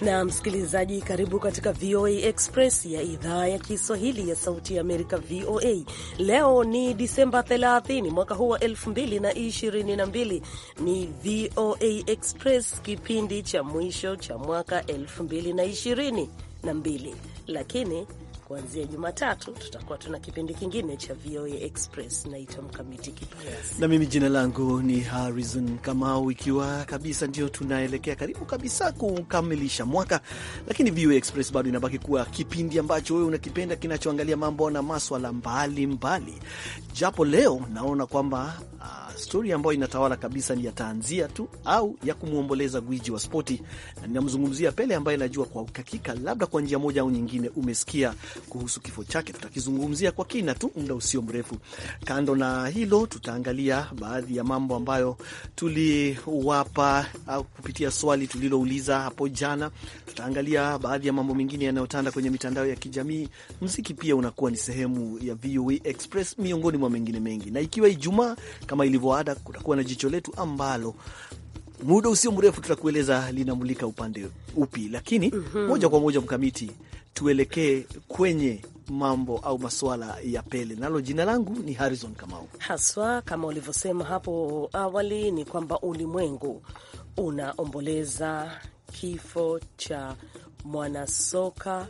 na msikilizaji, karibu katika VOA Express ya idhaa ya Kiswahili ya Sauti ya Amerika, VOA. Leo ni Disemba 30 mwaka huu wa 2022. Ni VOA Express, kipindi cha mwisho cha mwaka 2022 lakini kuanzia Jumatatu tutakuwa tuna kipindi kingine cha VOA Express. Naitwa Mkamiti Kibayasi na mimi jina langu ni Harrison Kamau, ikiwa kabisa ndio tunaelekea karibu kabisa kukamilisha mwaka, lakini VOA Express bado inabaki kuwa kipindi ambacho wewe unakipenda kinachoangalia mambo na maswala mbalimbali, japo leo naona kwamba uh, ah, stori ambayo inatawala kabisa ni ya tu au ya kumwomboleza gwiji wa spoti, na ninamzungumzia Pele ambaye najua kwa uhakika, labda kwa njia moja au nyingine umesikia kuhusu kifo chake. Tutakizungumzia kwa kina tu muda usio mrefu. Kando na hilo, tutaangalia baadhi ya mambo ambayo tuliwapa kupitia swali tulilouliza hapo jana. Tutaangalia baadhi ya mambo mengine yanayotanda kwenye mitandao ya kijamii. Mziki pia unakuwa ni sehemu ya VOA e Express, miongoni mwa mengine mengi, na ikiwa Ijumaa kama ilivyoada, kutakuwa na jicho letu ambalo muda usio mrefu tutakueleza linamulika upande upi, lakini mm -hmm. moja kwa moja mkamiti, tuelekee kwenye mambo au masuala ya Pele, nalo jina langu ni Harrison Kamau. Haswa kama ulivyosema hapo awali, ni kwamba ulimwengu unaomboleza kifo cha mwanasoka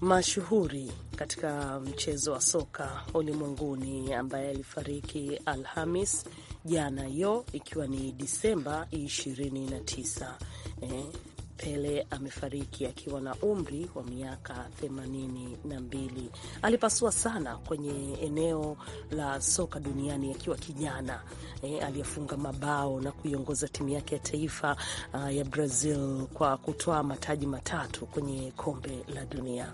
mashuhuri katika mchezo wa soka ulimwenguni ambaye alifariki Alhamis jana hiyo ikiwa ni Disemba 29. Eh, Pele amefariki akiwa na umri wa miaka 82. Alipasua sana kwenye eneo la soka duniani akiwa kijana eh, aliyefunga mabao na kuiongoza timu yake ya taifa uh, ya Brazil kwa kutoa mataji matatu kwenye kombe la dunia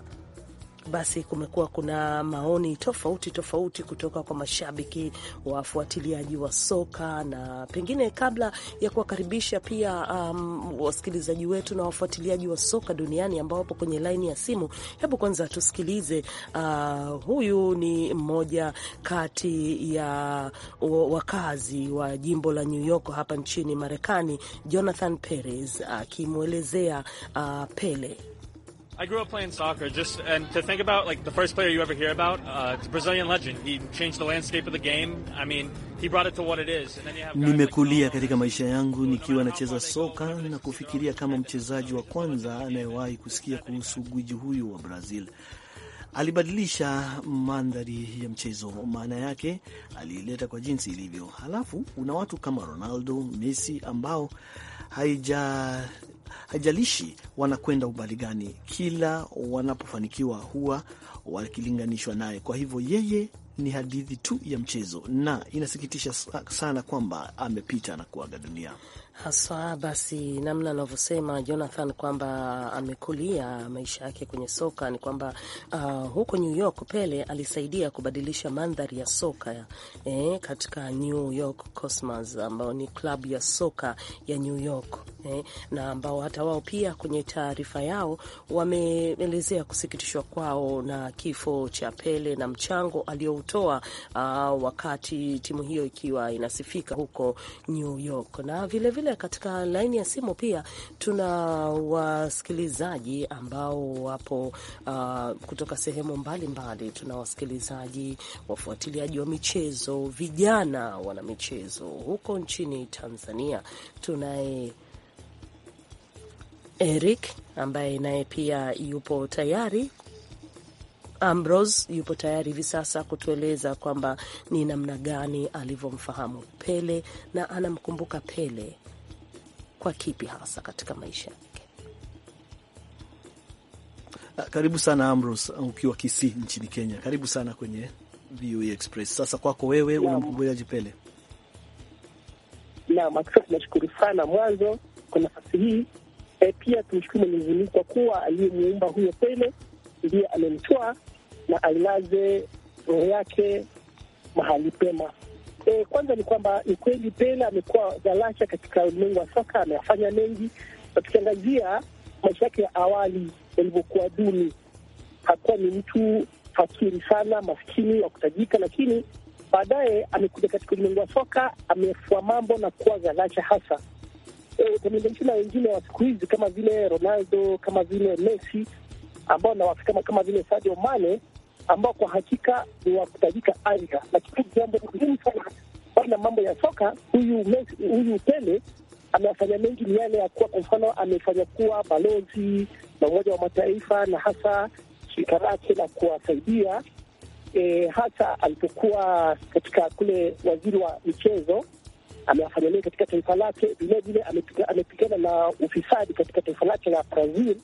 basi kumekuwa kuna maoni tofauti tofauti kutoka kwa mashabiki, wafuatiliaji wa soka, na pengine kabla ya kuwakaribisha pia um, wasikilizaji wetu na wafuatiliaji wa soka duniani ambao wapo kwenye laini ya simu, hebu kwanza tusikilize. Uh, huyu ni mmoja kati ya wakazi wa jimbo la New York hapa nchini Marekani, Jonathan Perez akimwelezea uh, uh, Pele I grew up playing soccer. Just and to think about like the first player you ever hear about, uh, it's a Brazilian legend. He changed the landscape of the game. I mean, he brought it to what it is. Nimekulia katika maisha yangu nikiwa nacheza soka na kufikiria kama mchezaji wa kwanza anayewahi kusikia kuhusu gwiji huyu wa Brazil. Alibadilisha mandhari ya mchezo, maana yake aliileta kwa jinsi ilivyo. Halafu kuna watu kama Ronaldo, Messi ambao haija hajalishi wanakwenda umbali gani, kila wanapofanikiwa huwa wakilinganishwa naye. Kwa hivyo yeye ni hadithi tu ya mchezo, na inasikitisha sana kwamba amepita na kuaga dunia haswa basi, namna anavyosema Jonathan kwamba amekulia maisha yake kwenye soka ni kwamba uh, huko New York Pele alisaidia kubadilisha mandhari ya soka eh, katika New York Cosmos ambao ni klabu ya soka ya New York eh, na ambao hata wao pia kwenye taarifa yao wameelezea kusikitishwa kwao na kifo cha Pele na mchango aliyoutoa uh, wakati timu hiyo ikiwa inasifika huko New York na vilevile vile vilevile katika laini ya simu pia tuna wasikilizaji ambao wapo uh, kutoka sehemu mbalimbali. Tuna wasikilizaji, wafuatiliaji wa michezo, vijana wana michezo huko nchini Tanzania. Tunaye Eric ambaye naye pia yupo tayari Ambrose yupo tayari hivi sasa kutueleza kwamba ni namna gani alivyomfahamu Pele na anamkumbuka Pele kwa kipi hasa katika maisha yake. Ah, karibu sana Ambros, ukiwa Kisii nchini Kenya. Karibu sana kwenye VOA e Express. Sasa kwako wewe, unamkumbuaje Pele? Naam, akisa tunashukuru sana mwanzo kwa nafasi hii. E, pia tumshukuru Mwenyezi Mungu kwa kuwa aliyemuumba huyo Pele ndiye amemtoa na ailaze roho yake mahali pema E, kwanza ni kwamba ni kweli Pele amekuwa galacha katika ulimwengu wa soka, amefanya mengi, tukiangazia maisha yake ya awali yalivyokuwa duni, hakuwa ni mtu fakiri sana, maskini wa kutajika, lakini baadaye amekuja katika ulimwengu wa soka, amefua mambo na kuwa galacha hasa e, ukilinganisha na wengine wa siku hizi kama vile Ronaldo, kama vile Messi ambao na kama vile Sadio Mane ambao kwa hakika ni wa kutajika aria, lakini jambo muhimu sana bali na mambo ya soka, huyu huyu Pele amewafanya mengi, ni yale ya kuwa, kwa mfano, amefanya kuwa balozi na Umoja wa Mataifa na hasa shirika lake la kuwasaidia e, hasa alipokuwa katika kule waziri wa michezo amewafanya mengi katika taifa lake. Vilevile amepigana na ufisadi katika taifa lake la Brazil,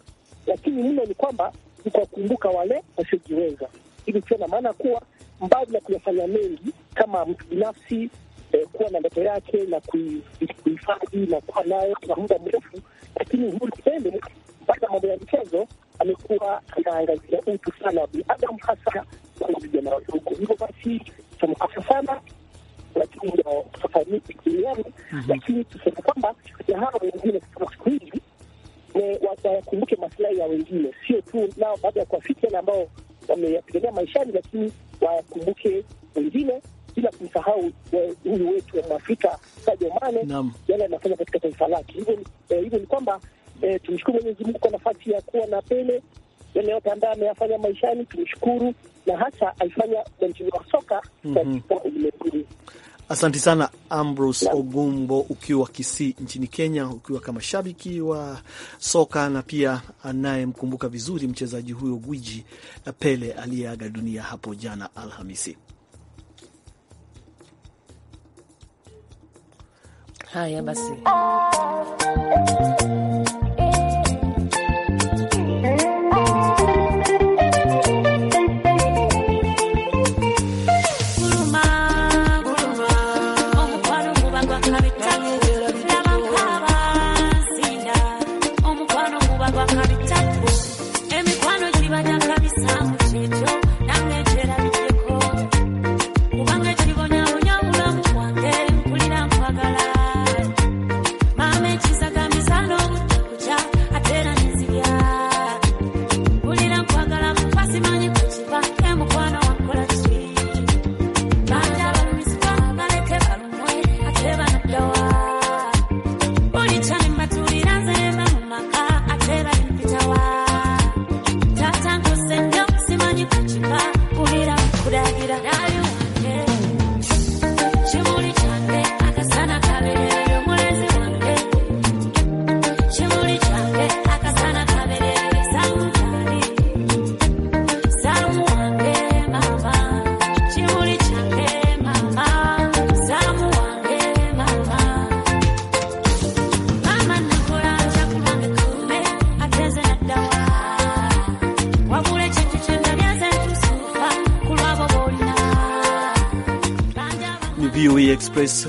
lakini mno ni kwamba ni kuwakumbuka wale wasiojiweza. Hili ikiwa na maana kuwa mbali na kuyafanya mengi kama mtu binafsi eh, kuwa na ndoto yake na kuhifadhi na kuwa nayo kwa muda mrefu, lakini Uhuru Pembe mpaka mambo ya michezo amekuwa anaangazia utu sana wa binadamu, hasa kwa vijana wadogo. Hivyo basi tamkasa sana lakini ndo tofauti kiliani, lakini tuseme kwamba na hawa wengine kama siku hizi eh, wayakumbuke masilahi ya wengine, sio tu nao baada ya na ambao wameyapigania maishani, lakini wakumbuke wengine bila kumsahau eh, huyu wetu wa Mwafrika Sadio Mane, yale anafanya katika taifa lake. Eh, hivyo ni kwamba eh, tumshukuru Mwenyezi Mungu kwa nafasi ya kuwa na Pele, yale yote ambaye ameyafanya maishani tumshukuru, na hasa alifanya mchezo wa soka mhm. katika ulimwenguni. Asanti sana Ambrose Ogumbo, ukiwa Kisii nchini Kenya, ukiwa kama shabiki wa soka na pia anayemkumbuka vizuri mchezaji huyo gwiji na Pele aliyeaga dunia hapo jana Alhamisi. Haya basi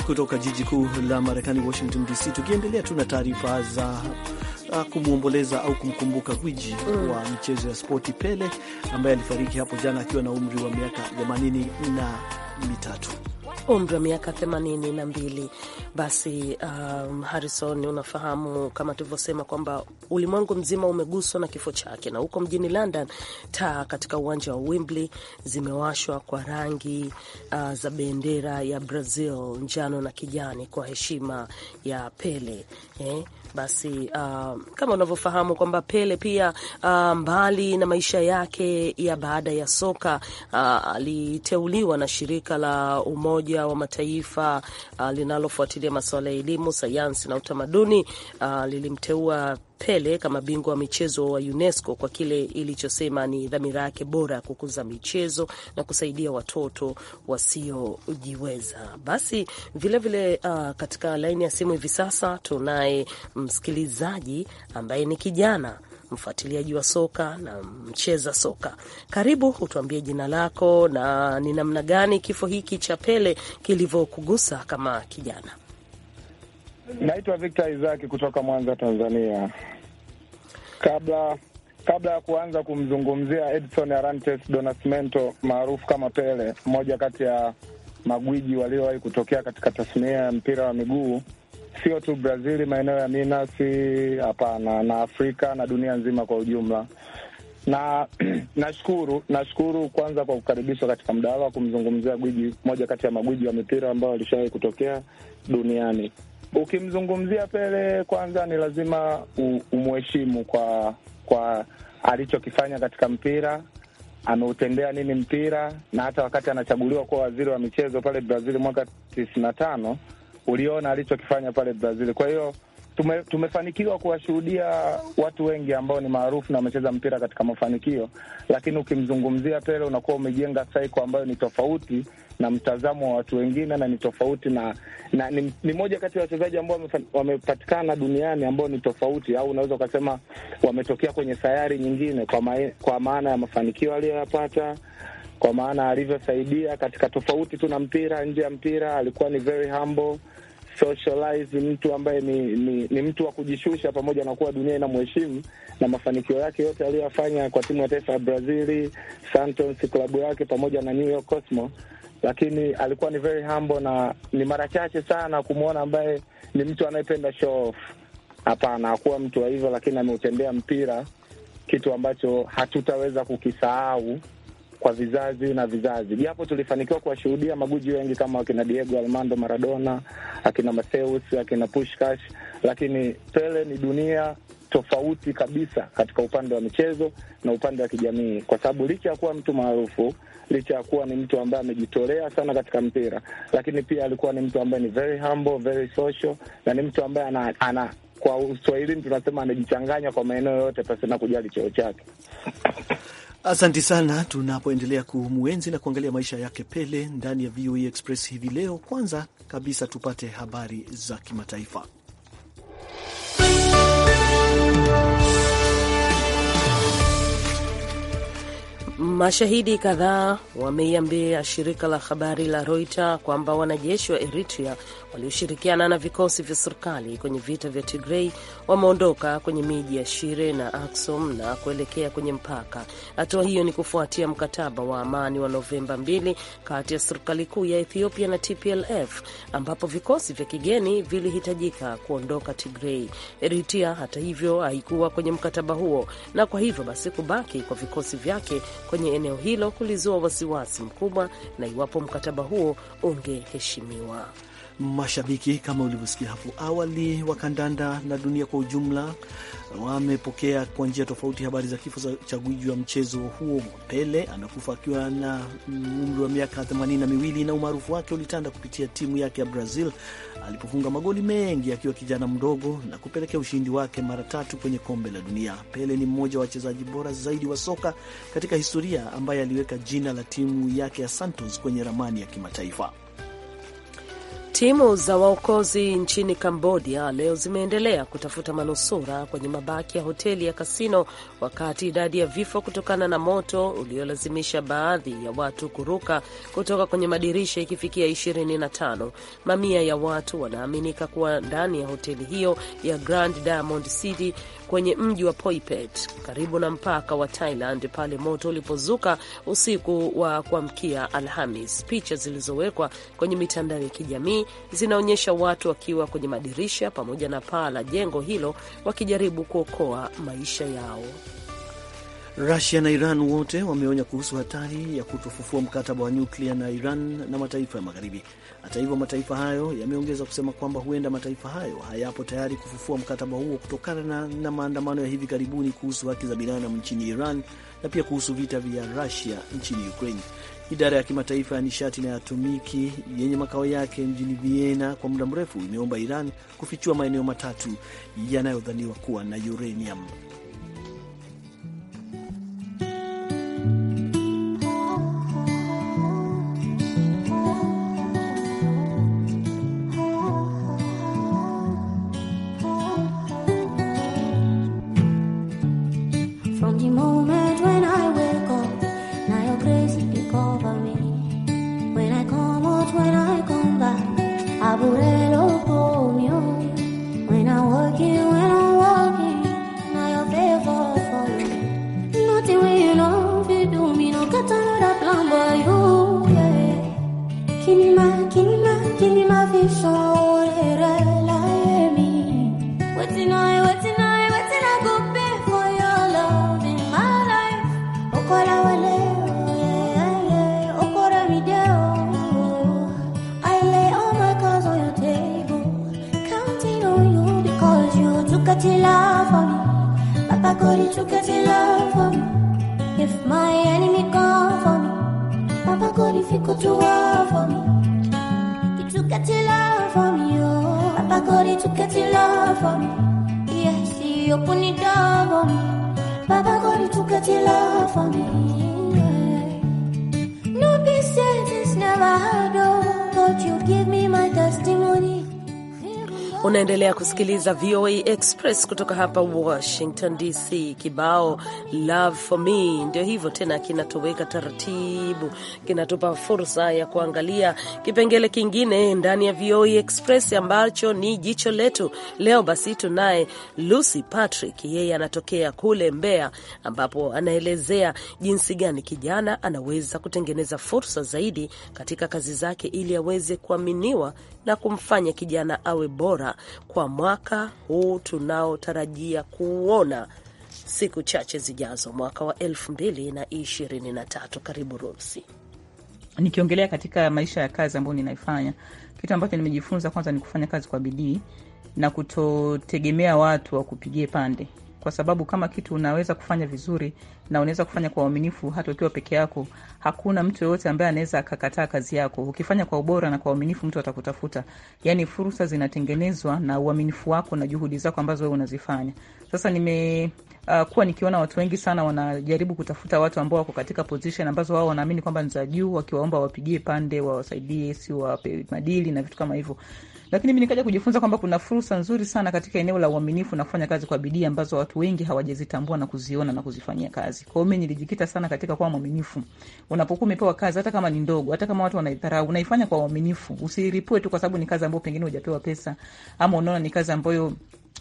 kutoka jiji kuu la Marekani, Washington DC, tukiendelea tu na taarifa za uh, kumwomboleza au kumkumbuka gwiji mm. wa michezo ya spoti Pele ambaye alifariki hapo jana akiwa na umri wa miaka themanini na mitatu umri wa miaka themanini na mbili. Basi um, Harrison, unafahamu kama tulivyosema kwamba ulimwengu mzima umeguswa na kifo chake, na huko mjini London taa katika uwanja wa Wembley zimewashwa kwa rangi uh, za bendera ya Brazil, njano na kijani, kwa heshima ya Pele eh? Basi uh, kama unavyofahamu kwamba Pele pia uh, mbali na maisha yake ya baada ya soka uh, aliteuliwa na shirika la Umoja wa Mataifa uh, linalofuatilia masuala ya elimu, sayansi na utamaduni uh, lilimteua Pele kama bingwa wa michezo wa UNESCO kwa kile ilichosema ni dhamira yake bora ya kukuza michezo na kusaidia watoto wasiojiweza. Basi vilevile vile, uh, katika laini ya simu hivi sasa tunaye msikilizaji ambaye ni kijana mfuatiliaji wa soka na mcheza soka. Karibu, hutuambie jina lako na ni namna gani kifo hiki cha Pele kilivyokugusa kama kijana. Naitwa Victor Isaki kutoka Mwanza, Tanzania. Kabla kabla ya kuanza kumzungumzia Edson Arantes do Nascimento maarufu kama Pele, mmoja kati ya magwiji waliowahi kutokea katika tasnia ya mpira wa miguu, sio tu Brazili, maeneo ya Minasi, hapana, na Afrika na dunia nzima kwa ujumla. Na nashukuru nashukuru kwanza kwa kukaribishwa katika mdahalo wa kumzungumzia gwiji, moja kati ya magwiji wa mipira ambao walishawahi kutokea duniani ukimzungumzia Pele kwanza ni lazima umheshimu kwa kwa alichokifanya katika mpira, ameutendea nini mpira, na hata wakati anachaguliwa kuwa waziri wa michezo pale Brazil mwaka tisini na tano uliona alichokifanya pale Brazil. Kwa hiyo tume, tumefanikiwa kuwashuhudia watu wengi ambao ni maarufu na wamecheza mpira katika mafanikio, lakini ukimzungumzia Pele unakuwa umejenga saiko ambayo ni tofauti na mtazamo wa watu wengine na ni tofauti na, na ni, ni moja kati ya wachezaji ambao wamepatikana duniani ambao ni tofauti, au unaweza ukasema wametokea kwenye sayari nyingine, kwa, ma, kwa maana ya mafanikio aliyoyapata kwa maana alivyosaidia katika tofauti tu na mpira. Nje ya mpira alikuwa ni very humble socialize mtu ambaye ni, ni, ni mtu wa kujishusha, pamoja na kuwa dunia inamheshimu na mafanikio yake yote aliyoyafanya kwa timu ya taifa ya Brazili, Santos klabu yake, pamoja na New York Cosmo, lakini alikuwa ni very humble, na ni mara chache sana kumwona ambaye ni mtu anayependa show off. Hapana, hakuwa mtu wa hivyo, lakini ameutendea mpira kitu ambacho hatutaweza kukisahau kwa vizazi na vizazi, japo tulifanikiwa kuwashuhudia maguji wengi kama akina Diego Armando Maradona, akina Mateus, akina Pushkash, lakini Pele ni dunia tofauti kabisa katika upande wa michezo na upande wa kijamii, kwa sababu licha ya kuwa mtu maarufu, licha ya kuwa ni mtu ambaye amejitolea sana katika mpira, lakini pia alikuwa ni mtu ambaye ni very humble, very social na ni mtu ambaye ana, ana kwa Uswahilini tunasema anajichanganya kwa maeneo yote pasina kujali cheo chake asanti sana. Tunapoendelea kumwenzi na kuangalia maisha yake Pele ndani ya VOA e Express hivi leo, kwanza kabisa tupate habari za kimataifa. Mashahidi kadhaa wameiambia shirika la habari la Reuters kwamba wanajeshi wa Eritrea walioshirikiana na vikosi vya serikali kwenye vita vya Tigrei wameondoka kwenye miji ya Shire na Aksum na kuelekea kwenye mpaka. Hatua hiyo ni kufuatia mkataba wa amani wa Novemba 2 kati ya serikali kuu ya Ethiopia na TPLF ambapo vikosi vya kigeni vilihitajika kuondoka Tigrei. Eritrea hata hivyo haikuwa kwenye mkataba huo, na kwa hivyo basi kubaki kwa vikosi vyake kwenye eneo hilo kulizua wasiwasi mkubwa na iwapo mkataba huo ungeheshimiwa. Mashabiki kama ulivyosikia hapo awali wa kandanda na dunia kwa ujumla wamepokea kwa njia tofauti habari za kifo cha gwiji wa mchezo huo Pele. Amekufa akiwa na umri wa miaka themanini na miwili na umaarufu wake ulitanda kupitia timu yake ya Brazil alipofunga magoli mengi akiwa kijana mdogo na kupelekea ushindi wake mara tatu kwenye kombe la dunia. Pele ni mmoja wa wachezaji bora zaidi wa soka katika historia ambaye aliweka jina la timu yake ya Santos kwenye ramani ya kimataifa. Timu za waokozi nchini Kambodia leo zimeendelea kutafuta manusura kwenye mabaki ya hoteli ya kasino, wakati idadi ya vifo kutokana na moto uliolazimisha baadhi ya watu kuruka kutoka kwenye madirisha ikifikia 25. Mamia ya watu wanaaminika kuwa ndani ya hoteli hiyo ya Grand Diamond City kwenye mji wa Poipet karibu na mpaka wa Thailand pale moto ulipozuka usiku wa kuamkia Alhamis. Picha zilizowekwa kwenye mitandao ya kijamii zinaonyesha watu wakiwa kwenye madirisha pamoja na paa la jengo hilo wakijaribu kuokoa maisha yao. Rusia na Iran wote wameonya kuhusu hatari ya kutofufua mkataba wa nyuklia na Iran na mataifa ya Magharibi. Hata hivyo, mataifa hayo yameongeza kusema kwamba huenda mataifa hayo hayapo tayari kufufua mkataba huo kutokana na, na maandamano ya hivi karibuni kuhusu haki za binadamu nchini Iran na pia kuhusu vita vya Rusia nchini Ukraine. Idara ya kimataifa ya nishati na atomiki yenye makao yake mjini Vienna kwa muda mrefu imeomba Iran kufichua maeneo matatu yanayodhaniwa kuwa na uranium. Unaendelea kusikiliza VOA Express kutoka hapa Washington DC. Kibao love for me ndio hivyo tena, kinatoweka taratibu, kinatupa fursa ya kuangalia kipengele kingine ndani ya VOA Express ambacho ni jicho letu leo. Basi tunaye Lucy Patrick, yeye anatokea kule Mbeya, ambapo anaelezea jinsi gani kijana anaweza kutengeneza fursa zaidi katika kazi zake ili aweze kuaminiwa na kumfanya kijana awe bora kwa mwaka huu tunaotarajia kuona siku chache zijazo, mwaka wa tatu. Karibu Rosi. Nikiongelea katika maisha ya kazi ambayo ninaifanya, kitu ambacho nimejifunza kwanza ni kufanya kazi kwa bidii na kutotegemea watu wakupigie pande, kwa sababu kama kitu unaweza kufanya vizuri na unaweza kufanya kwa uaminifu hata ukiwa peke yako. Hakuna mtu yoyote ambaye anaweza akakataa kazi yako. Ukifanya kwa ubora na kwa uaminifu, mtu atakutafuta. Yani fursa zinatengenezwa na uaminifu wako na juhudi zako ambazo wewe unazifanya. Sasa nime Uh, kuwa nikiona watu wengi sana wanajaribu kutafuta watu ambao wako katika position ambazo wao wanaamini kwamba ni za juu, wakiwaomba wapigie pande, wawasaidie, si wape madili na vitu kama hivyo. Lakini mimi nikaja kujifunza kwamba kuna fursa nzuri sana katika eneo la uaminifu na kufanya kazi kwa bidii ambazo watu wengi hawajazitambua na kuziona na kuzifanyia kazi kazi. Kwa hiyo mimi nilijikita sana katika kuwa mwaminifu. Unapokuwa umepewa kazi, hata kama ni ndogo, hata kama watu wanaidharau, unaifanya kwa uaminifu. Usiripue tu kwa sababu ni kazi ambayo pengine hujapewa pesa ama unaona ni kazi ambayo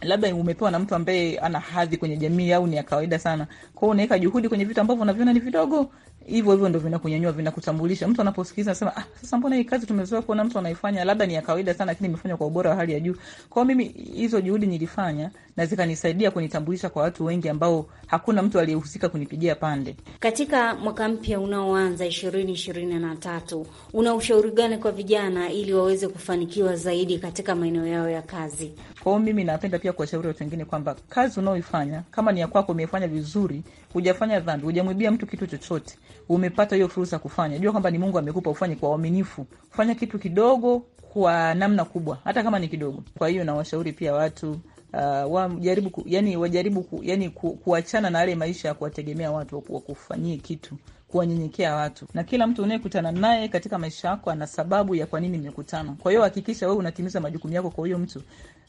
labda umepewa na mtu ambaye ana hadhi kwenye jamii au ni ya kawaida sana. Kwa hiyo unaweka juhudi kwenye vitu ambavyo unaviona ni vidogo, hivyo hivyo ndo vinakunyanyua vinakutambulisha. Mtu anaposikiliza anasema, ah, sasa mbona hii kazi tumezoea kuona mtu anaifanya, labda ni ya kawaida sana, lakini imefanywa kwa ubora wa hali ya juu. Kwa mimi hizo juhudi nilifanya na zikanisaidia kunitambulisha kwa watu wengi ambao hakuna mtu aliyehusika kunipigia pande. Katika mwaka mpya unaoanza ishirini ishirini na tatu, una ushauri gani kwa vijana ili waweze kufanikiwa zaidi katika maeneo yao ya kazi? Kwao mimi napenda pia kuwashauri watu wengine kwamba kazi unaoifanya kama ni ya kwako, umeifanya vizuri hujafanya dhambi, hujamwibia mtu kitu chochote, umepata hiyo fursa kufanya, jua kwamba ni Mungu amekupa ufanye kwa uaminifu, fanya kitu kidogo kwa namna kubwa, hata kama ni kidogo. Kwa hiyo nawashauri pia watu Uh, wajaribu ku, yani, wajaribu ku, yani, ku, kuachana na yale maisha ya kuwategemea watu wakufanyie kitu, kuwanyenyekea watu, na kila mtu unayekutana naye katika maisha yako ana sababu ya kwa nini mmekutana. Kwa hiyo hakikisha wewe unatimiza majukumu yako kwa huyo mtu,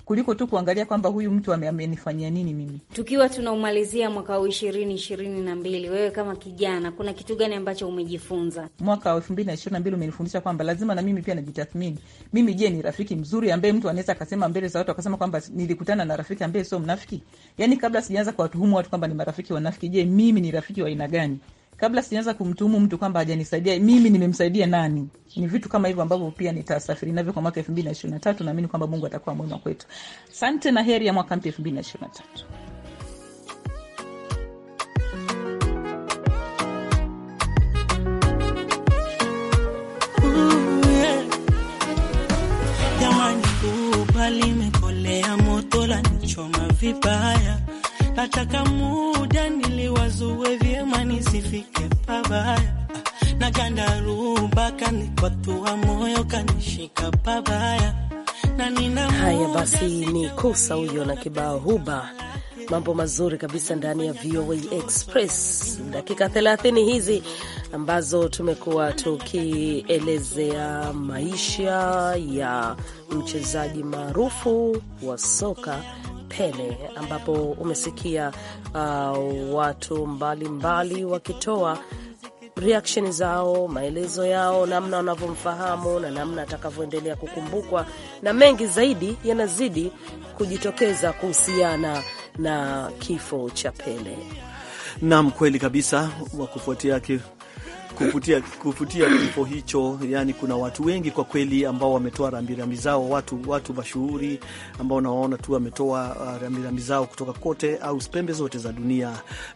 kuliko tu kuangalia kwamba huyu mtu amenifanyia nini mimi. Tukiwa tunaumalizia mwaka huu ishirini ishirini na mbili, wewe kama kijana, kuna kitu gani ambacho umejifunza mwaka wa elfu mbili na ishirini na mbili? Umenifundisha kwamba lazima na mimi pia najitathmini mimi. Je, ni rafiki mzuri ambaye mtu anaweza akasema mbele za watu akasema kwamba nilikutana na rafiki ambaye sio mnafiki? Yani kabla sijaanza kuwatuhumu watu kwamba ni marafiki wanafiki, je, mimi ni rafiki wa aina gani? kabla sijaanza kumtuhumu mtu kwamba hajanisaidia mimi, nimemsaidia nani? Ni vitu kama hivyo ambavyo pia nitasafiri navyo kwa mwaka elfu mbili na ishirini na tatu. Naamini kwamba Mungu atakuwa mwema kwetu. Sante na heri ya mwaka mpya elfu mbili na ishirini na tatu. Limekolea moto la nichoma vibaya, nataka babaya na gandaruba kanikwatua moyo kanishika babaya na nina haya. Basi ni Kosa huyo na kibao huba mambo mazuri kabisa ndani ya VOA Express, dakika 30 hizi ambazo tumekuwa tukielezea maisha ya mchezaji maarufu wa soka Pele, ambapo umesikia uh, watu mbalimbali wakitoa reaction zao, maelezo yao, namna wanavyomfahamu na namna atakavyoendelea kukumbukwa, na mengi zaidi yanazidi kujitokeza kuhusiana na kifo cha Pele. Naam, kweli kabisa. Wa kufuatia kufutia, kufutia kifo hicho. Yani kuna watu wengi kwa kweli ambao wametoa rambirambi zao, watu watu mashuhuri ambao nawaona tu wametoa uh, rambirambi zao kutoka kote au pembe zote za dunia,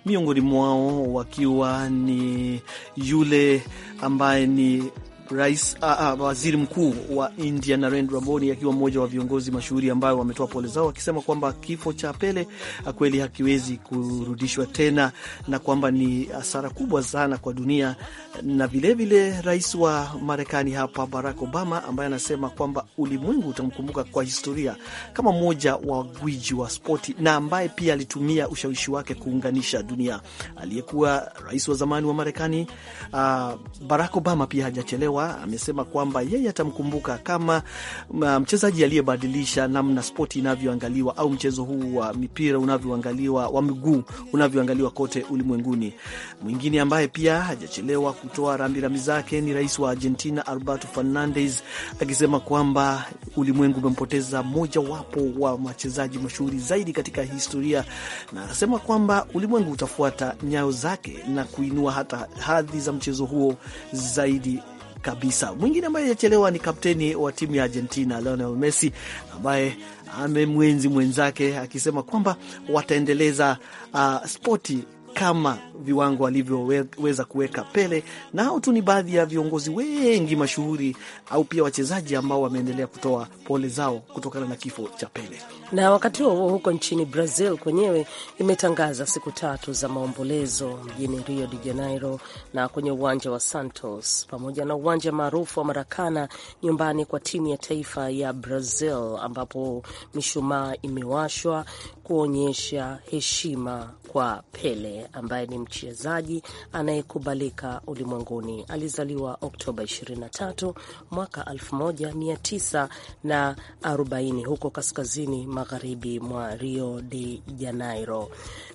miongoni mwao wakiwa ni yule ambaye ni Rais uh, uh, waziri mkuu wa India Narendra Modi akiwa mmoja wa viongozi mashuhuri ambayo wametoa pole zao akisema kwamba kifo cha Pele kweli hakiwezi kurudishwa tena na kwamba ni hasara kubwa sana kwa dunia, na vilevile rais wa Marekani hapa Barack Obama ambaye anasema kwamba ulimwengu utamkumbuka kwa historia kama mmoja wa gwiji wa spoti na ambaye pia alitumia ushawishi wake kuunganisha dunia. Aliyekuwa rais wa zamani wa Marekani uh, Barack Obama pia hajachelewa Mkwawa amesema kwamba yeye atamkumbuka kama um, mchezaji aliyebadilisha namna spoti inavyoangaliwa au mchezo huu wa mipira unavyoangaliwa wa miguu unavyoangaliwa kote ulimwenguni. Mwingine ambaye pia hajachelewa kutoa rambirambi zake ni rais wa Argentina Alberto Fernandez akisema kwamba ulimwengu umempoteza mojawapo wa wachezaji mashuhuri zaidi katika historia, na anasema kwamba ulimwengu utafuata nyayo zake na kuinua hata hadhi za mchezo huo zaidi kabisa. Mwingine ambaye hajachelewa ni kapteni wa timu ya Argentina Lionel Messi ambaye amemwenzi mwenzake akisema kwamba wataendeleza uh, spoti kama viwango alivyoweza kuweka Pele, na hao tu ni baadhi ya viongozi wengi mashuhuri au pia wachezaji ambao wameendelea kutoa pole zao kutokana na kifo cha Pele. Na wakati huo huo, huko nchini Brazil kwenyewe imetangaza siku tatu za maombolezo mjini Rio de Janeiro na kwenye uwanja wa Santos pamoja na uwanja maarufu wa Marakana, nyumbani kwa timu ya taifa ya Brazil, ambapo mishumaa imewashwa kuonyesha heshima kwa Pele ambaye ni mchezaji anayekubalika ulimwenguni. Alizaliwa Oktoba 23 mwaka 1940 huko kaskazini magharibi mwa Rio de Janeiro.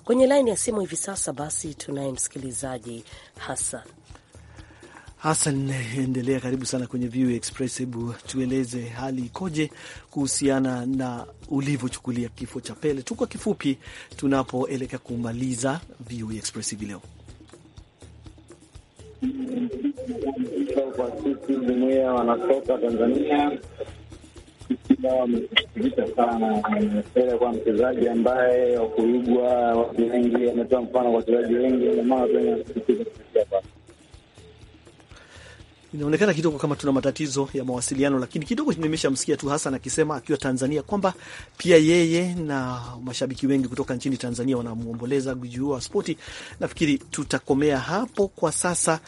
Kwenye laini ya simu hivi sasa, basi tunaye msikilizaji Hassan Hasan, endelea. Karibu sana kwenye VOA Express. Hebu tueleze hali ikoje kuhusiana na ulivyochukulia kifo cha Pele tu kwa kifupi, tunapoelekea kumaliza VOA Express hivi leo. Kwa sisi jumuia wanasoka Tanzania wamesikitika sana. Pele kwa mchezaji ambaye wakuigwa, watu wengi wametoa mfano kwa wachezaji wengi, ndio maana tunasikitika hapa Inaonekana kidogo kama tuna matatizo ya mawasiliano, lakini kidogo nimeshamsikia tu Hasan akisema akiwa Tanzania kwamba pia yeye na mashabiki wengi kutoka nchini Tanzania wanamwomboleza gujiua wa spoti. Nafikiri tutakomea hapo kwa sasa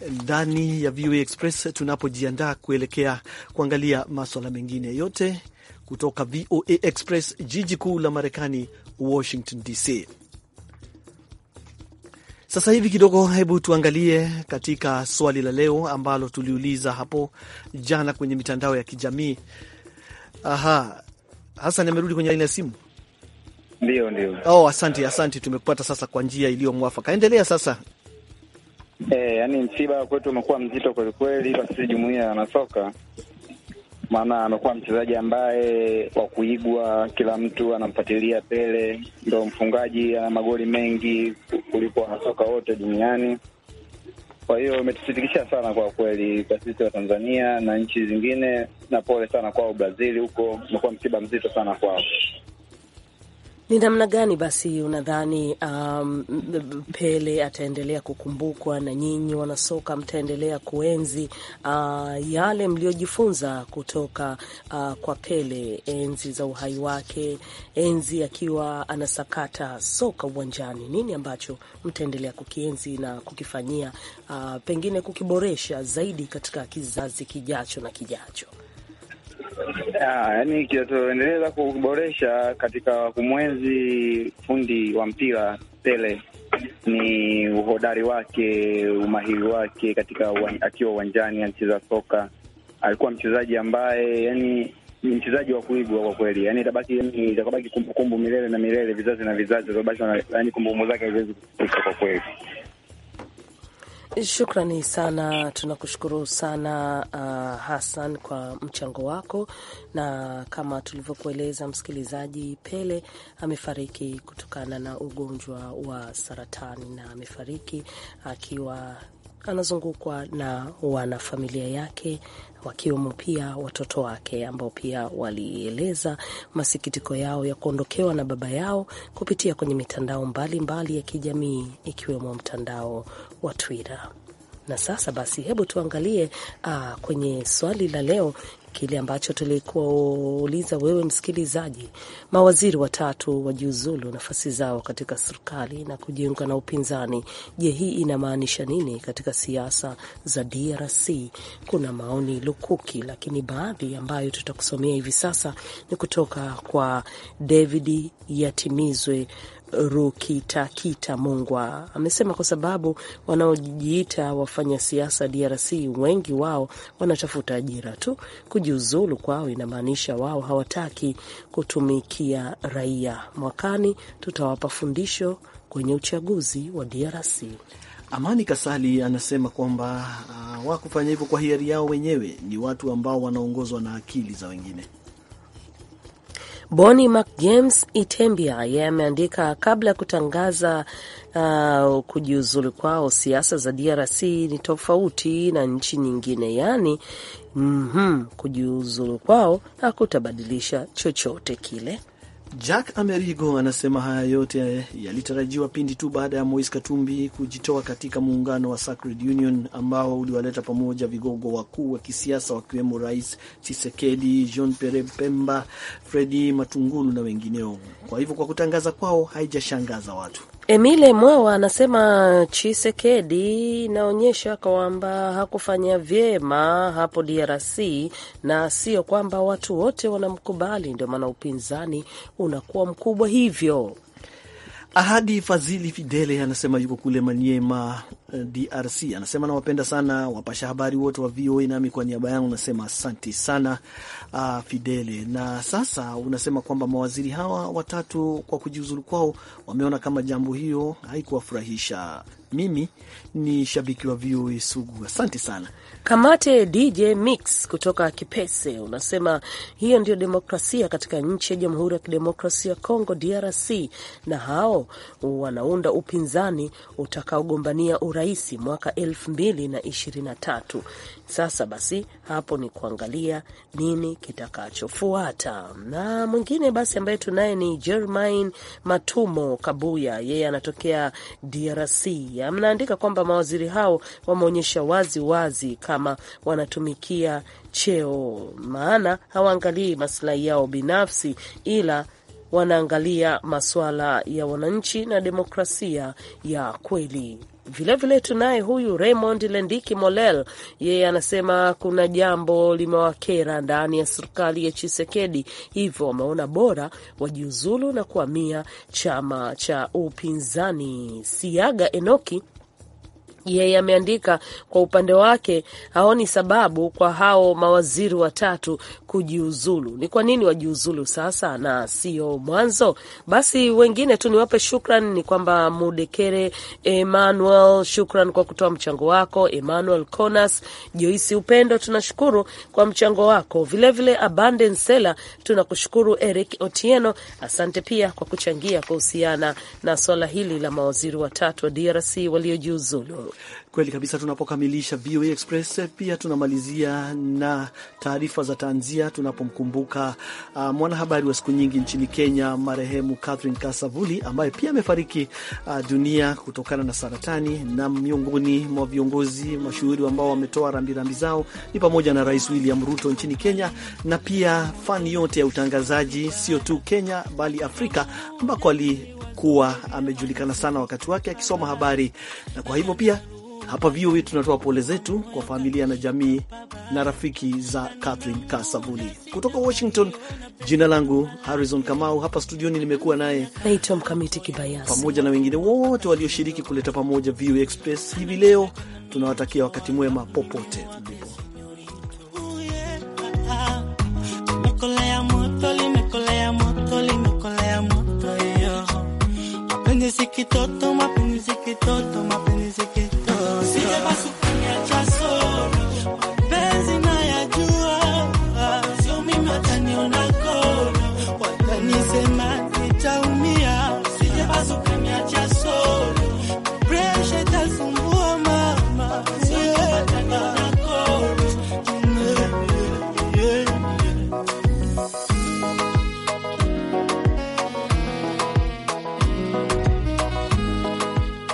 eh, ndani ya VOA Express tunapojiandaa kuelekea kuangalia maswala mengine yote kutoka VOA Express, jiji kuu la Marekani, Washington DC. Sasa hivi kidogo, hebu tuangalie katika swali la leo ambalo tuliuliza hapo jana kwenye mitandao ya kijamii. Aha, Hasan amerudi kwenye laini ya simu. Ndio, ndio. Oh, asante, asante, tumekupata sasa kwa njia iliyo mwafaka. Endelea sasa. Eh, yani msiba kwetu umekuwa mzito kwelikweli kwa sisi anasoka ya maana amekuwa mchezaji ambaye wa kuigwa, kila mtu anamfuatilia Pele, ndo mfungaji ana magoli mengi kuliko wanasoka wote duniani. Kwa hiyo imetusitikisha sana kwa kweli, kwa sisi wa Tanzania na nchi zingine, na pole sana kwao brazili huko, umekuwa msiba mzito sana kwao. Ni namna gani basi unadhani um, Pele ataendelea kukumbukwa na nyinyi wanasoka mtaendelea kuenzi uh, yale mliojifunza kutoka uh, kwa Pele enzi za uhai wake, enzi akiwa anasakata soka uwanjani? Nini ambacho mtaendelea kukienzi na kukifanyia uh, pengine kukiboresha zaidi katika kizazi kijacho na kijacho? yaani kinachoendeleza kuboresha katika kumwenzi fundi wa mpira Pele ni uhodari wake, umahiri wake katika akiwa uwanjani anacheza soka. Alikuwa mchezaji ambaye yani ni mchezaji wa kuigwa kwa kweli, yani itabaki itabaki kumbukumbu milele na milele, vizazi na vizazi, itabaki yani kumbukumbu zake haziwezi kufutika kwa kweli. Shukrani sana, tunakushukuru sana uh, Hassan kwa mchango wako, na kama tulivyokueleza msikilizaji, Pele amefariki kutokana na ugonjwa wa saratani na amefariki akiwa anazungukwa na wanafamilia yake wakiwemo pia watoto wake ambao pia walieleza masikitiko yao ya kuondokewa na baba yao kupitia kwenye mitandao mbalimbali mbali ya kijamii ikiwemo mtandao wa Twitter. Na sasa basi, hebu tuangalie aa, ah, kwenye swali la leo kile ambacho tulikuuliza wewe msikilizaji, mawaziri watatu wajiuzulu nafasi zao katika serikali na kujiunga na upinzani. Je, hii inamaanisha nini katika siasa za DRC? Kuna maoni lukuki, lakini baadhi ambayo tutakusomea hivi sasa ni kutoka kwa David Yatimizwe Rukitakita Mungwa amesema kwa sababu wanaojiita wafanya siasa DRC wengi wao wanatafuta ajira tu. Kujiuzulu kwao inamaanisha wao hawataki kutumikia raia. Mwakani tutawapa fundisho kwenye uchaguzi wa DRC. Amani Kasali anasema kwamba uh, wakufanya hivyo kwa hiari yao wenyewe, ni watu ambao wanaongozwa na akili za wengine. Bonnie mcgames Itembia yeye ameandika kabla ya kutangaza uh, kujiuzulu kwao, siasa za DRC ni tofauti na nchi nyingine, yaani mm -hmm, kujiuzulu kwao hakutabadilisha chochote kile. Jack Amerigo anasema haya yote yalitarajiwa pindi tu baada ya mois Katumbi kujitoa katika muungano wa Sacred Union ambao uliwaleta pamoja vigogo wakuu wa kisiasa wakiwemo Rais chisekedi Jean Pierre pemba Fredi Matungulu na wengineo. Kwa hivyo kwa kutangaza kwao haijashangaza watu. Emile Mwawa anasema Chisekedi inaonyesha kwamba hakufanya vyema hapo DRC, na sio kwamba watu wote wanamkubali, ndio maana upinzani unakuwa mkubwa hivyo. Ahadi fazili Fidele anasema yuko kule Maniema DRC. Anasema nawapenda sana wapasha habari wote wa VOA, nami kwa niaba yangu nasema asanti sana uh, Fidele. Na sasa unasema kwamba mawaziri hawa watatu kwa kujiuzulu kwao wameona kama jambo hiyo haikuwafurahisha. Mimi ni shabiki wa VOA sugu, asanti sana. Kamate DJ Mix kutoka Kipese unasema hiyo ndio demokrasia katika nchi ya Jamhuri ya Kidemokrasia ya Kongo, DRC, na hao wanaunda upinzani utakaogombania uraisi mwaka elfu mbili na ishirini na tatu. Sasa basi, hapo ni kuangalia nini kitakachofuata. Na mwingine basi ambaye tunaye ni Germain Matumo Kabuya, yeye anatokea DRC. Mnaandika kwamba mawaziri hao wameonyesha wazi wazi kama wanatumikia cheo, maana hawaangalii masilahi yao binafsi, ila wanaangalia masuala ya wananchi na demokrasia ya kweli. Vilevile tunaye huyu Raymond Lendiki Molel, yeye anasema kuna jambo limewakera ndani ya serikali ya Chisekedi, hivyo wameona bora wajiuzulu na kuhamia chama cha upinzani. Siaga Enoki yeye ameandika kwa upande wake haoni sababu kwa hao mawaziri watatu kujiuzulu. Ni kwa nini wajiuzulu sasa na sio mwanzo? Basi wengine tu niwape shukran ni kwamba Mudekere Emmanuel, shukran kwa kutoa mchango wako. Emmanuel Conas, Joisi Upendo, tunashukuru kwa mchango wako vilevile. Vile Abanden Sela, tunakushukuru. Eric Otieno, asante pia kwa kuchangia kuhusiana na swala hili la mawaziri watatu wa DRC waliojiuzulu. Kweli kabisa, tunapokamilisha VOA Express pia tunamalizia na taarifa za tanzia, tunapomkumbuka uh, mwanahabari wa siku nyingi nchini Kenya, marehemu Catherine Kasavuli ambaye pia amefariki uh, dunia kutokana na saratani, na miongoni mwa viongozi mashuhuri ambao wametoa rambirambi zao ni pamoja na Rais William Ruto nchini Kenya, na pia fani yote ya utangazaji, sio tu Kenya bali Afrika ambako ali alikuwa amejulikana sana wakati wake akisoma habari, na kwa hivyo pia hapa VOA tunatoa pole zetu kwa familia na jamii na rafiki za Catherine kasavuli kutoka Washington. Jina langu Harrison Kamau, hapa studioni nimekuwa naye naitwa Mkamiti Kibayasi, pamoja na wengine wote walioshiriki kuleta pamoja VOA Express hivi leo. Tunawatakia wakati mwema popote. kitoto, mapumziki kitoto, mapumziki